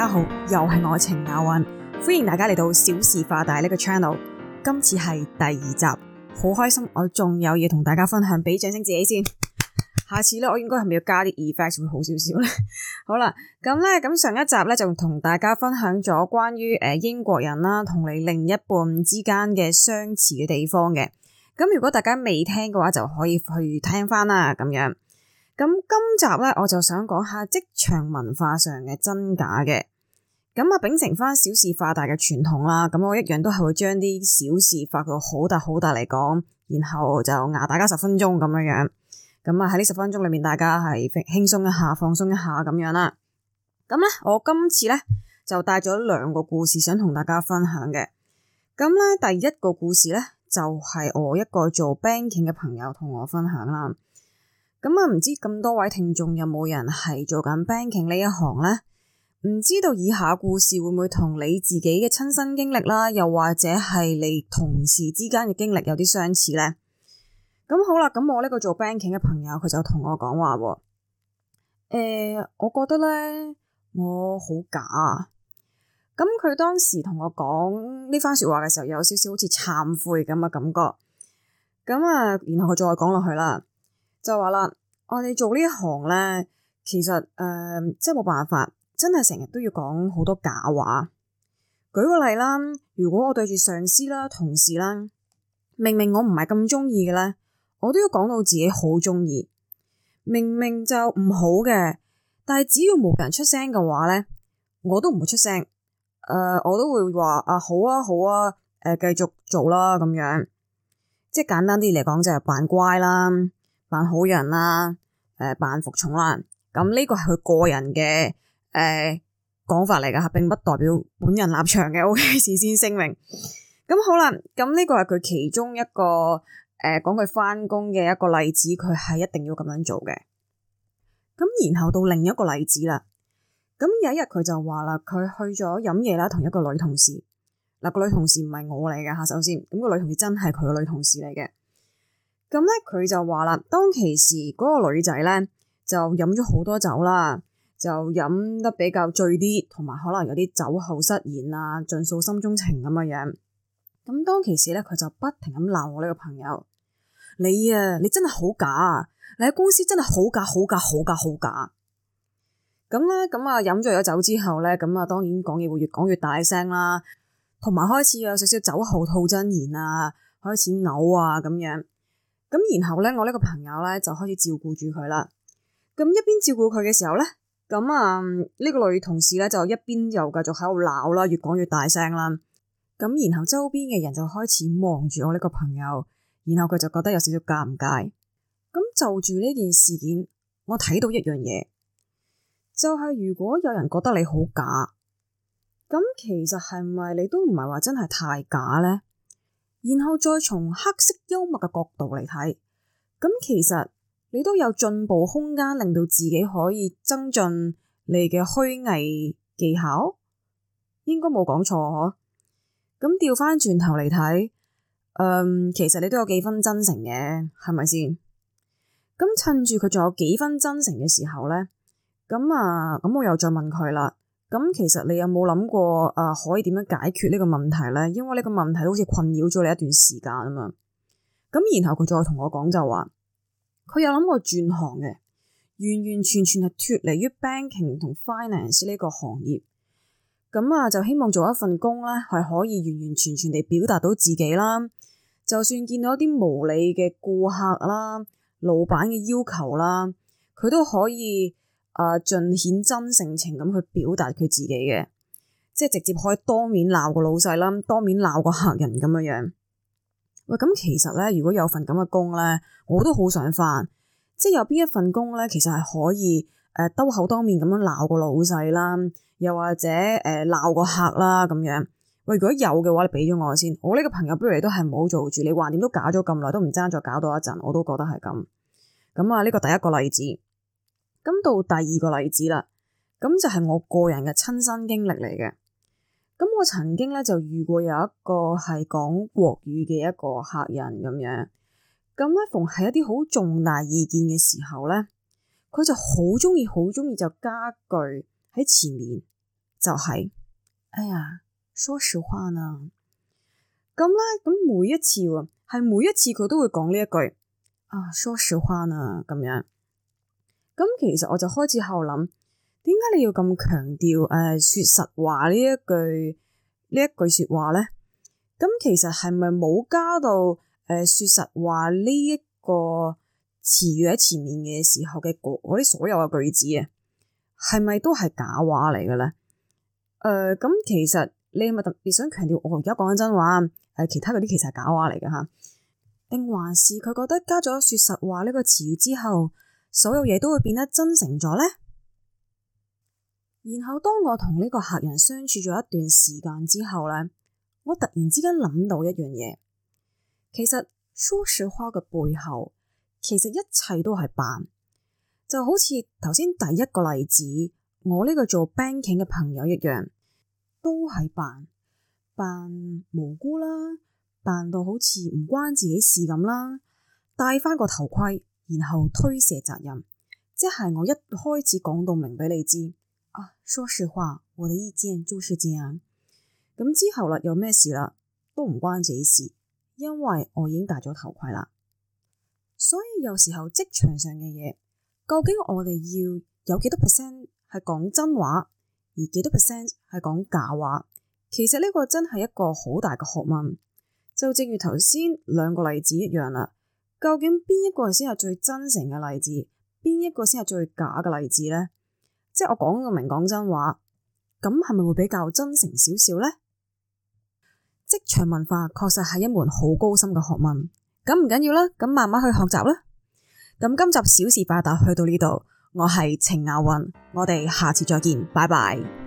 大家好，又係愛情雅韻，歡迎大家嚟到小事化大呢個 channel。今次係第二集，好開心，我仲有嘢同大家分享，俾掌聲自己先。下次呢，我應該係咪要加啲 effect 會好少少呢？好啦，咁呢，咁上一集呢，就同大家分享咗關於誒、呃、英國人啦、啊，同你另一半之間嘅相似嘅地方嘅。咁如果大家未聽嘅話，就可以去聽翻，啦，咁樣。咁今集咧，我就想講下職場文化上嘅真假嘅。咁啊，秉承翻小事化大嘅傳統啦，咁我一樣都係會將啲小事發到好大好大嚟講，然後就壓大家十分鐘咁樣樣。咁啊，喺呢十分鐘裏面，大家係輕鬆一下、放鬆一下咁樣啦。咁咧，我今次咧就帶咗兩個故事想同大家分享嘅。咁咧，第一個故事咧就係、是、我一個做 banking 嘅朋友同我分享啦。咁啊，唔知咁多位聽眾有冇人係做緊 banking 呢一行呢？唔知道以下故事會唔會同你自己嘅親身經歷啦，又或者係你同事之間嘅經歷有啲相似呢？咁好啦，咁我呢個做 banking 嘅朋友，佢就同我講話喎。誒、欸，我覺得咧，我好假啊！咁佢當時同我講呢番說話嘅時候，有少少好似懺悔咁嘅感覺。咁啊，然後佢再講落去啦。就話啦，我哋做呢一行咧，其實誒，真係冇辦法，真係成日都要講好多假話。舉個例啦，如果我對住上司啦、同事啦，明明我唔係咁鍾意嘅咧，我都要講到自己好鍾意。明明就唔好嘅，但係只要冇人出聲嘅話咧，我都唔會出聲。誒、呃，我都會話啊，好啊，好啊，誒、呃，繼續做啦，咁樣即係簡單啲嚟講就係扮乖啦。扮好人啦，誒、呃，扮服從啦，咁呢個係佢個人嘅誒講法嚟㗎吓，並不代表本人立場嘅 OK 事先聲明。咁好啦，咁呢個係佢其中一個誒講佢返工嘅一個例子，佢係一定要咁樣做嘅。咁然後到另一個例子啦，咁有一日佢就話啦，佢去咗飲嘢啦，同一個女同事，嗱、那個女同事唔係我嚟㗎吓，首先，咁、那個女同事真係佢個女同事嚟嘅。咁咧，佢就話啦，當其時嗰個女仔咧就飲咗好多酒啦，就飲得比較醉啲，同埋可能有啲酒後失言啊，盡訴心中情咁嘅樣。咁當其時咧，佢就不停咁鬧我呢個朋友，你啊，你真係好假啊！你喺公司真係好假，好假，好假，好假。咁咧，咁啊，飲咗酒之後咧，咁啊，當然講嘢會越講越大聲啦，同埋開始有少少酒後吐真言啊，開始嘔啊，咁樣。咁然後呢，我呢個朋友呢，就開始照顧住佢啦。咁一邊照顧佢嘅時候呢，咁啊呢個女同事呢，就一邊又繼續喺度鬧啦，越講越大聲啦。咁然後周邊嘅人就開始望住我呢個朋友，然後佢就覺得有少少尷尬。咁就住呢件事件，我睇到一樣嘢，就係、是、如果有人覺得你好假，咁其實係咪你都唔係話真係太假呢？然後再從黑色幽默嘅角度嚟睇，咁其實你都有進步空間，令到自己可以增進你嘅虛偽技巧，應該冇講錯嗬？咁調翻轉頭嚟睇，嗯，其實你都有幾分真誠嘅，係咪先？咁趁住佢仲有幾分真誠嘅時候咧，咁啊，咁我又再問佢啦。咁其實你有冇諗過誒、啊，可以點樣解決呢個問題咧？因為呢個問題好似困擾咗你一段時間啊嘛。咁然後佢再同我講就話、是，佢有諗過轉行嘅，完完全全係脱離於 banking 同 finance 呢個行業。咁啊，就希望做一份工咧，係可以完完全全地表達到自己啦。就算見到一啲無理嘅顧客啦、老闆嘅要求啦，佢都可以。啊！盡顯真性情咁去表達佢自己嘅，即係直接可以當面鬧個老細啦，當面鬧個客人咁樣。喂，咁其實咧，如果有份咁嘅工咧，我都好想返。即係有邊一份工咧，其實係可以誒、呃、兜口當面咁樣鬧個老細啦，又或者誒鬧、呃、個客啦咁樣。喂，如果有嘅話，你俾咗我先。我呢個朋友不如你都係唔好做住。你話點都搞咗咁耐，都唔爭再搞多一陣，我都覺得係咁。咁啊，呢個第一個例子。咁到第二個例子啦，咁就係我個人嘅親身經歷嚟嘅。咁我曾經咧就遇過有一個係講國語嘅一個客人咁樣，咁咧逢係一啲好重大意見嘅時候咧，佢就好中意好中意就加句喺前面，就係、是，哎呀，說實話啦。咁咧，咁每一次喎，係每一次佢都會講呢一句，啊，說實話啦，咁樣。咁其實我就開始喺度諗，點解你要咁強調誒、呃，說實話呢一句，呢一句説話咧，咁其實係咪冇加到誒、呃，說實話呢一個詞語喺前面嘅時候嘅嗰啲所有嘅句子啊，係咪都係假話嚟嘅咧？誒、呃，咁其實你係咪特別想強調我而家講緊真話啊、呃，其他嗰啲其實係假話嚟嘅嚇，定還是佢覺得加咗説實話呢個詞語之後？所有嘢都會變得真誠咗呢。然後當我同呢個客人相處咗一段時間之後呢，我突然之間諗到一樣嘢，其實 social 化嘅背後，其實一切都係扮，就好似頭先第一個例子，我呢個做 banking 嘅朋友一樣，都係扮扮無辜啦，扮到好似唔關自己事咁啦，戴翻個頭盔。然後推卸責任，即係我一開始講到明畀你知啊。說實話，我的意見就是這樣。咁之後啦，有咩事啦，都唔關自己事，因為我已經戴咗頭盔啦。所以有時候職場上嘅嘢，究竟我哋要有幾多 percent 係講真話，而幾多 percent 係講假話？其實呢個真係一個好大嘅學問。就正如頭先兩個例子一樣啦。究竟邊一個先係最真誠嘅例子，邊一個先係最假嘅例子呢？即係我講咁明講真話，咁係咪會比較真誠少少呢？職場文化確實係一門好高深嘅學問，咁唔緊要啦，咁慢慢去學習啦。咁今集小事百達去到呢度，我係程亞雲，我哋下次再見，拜拜。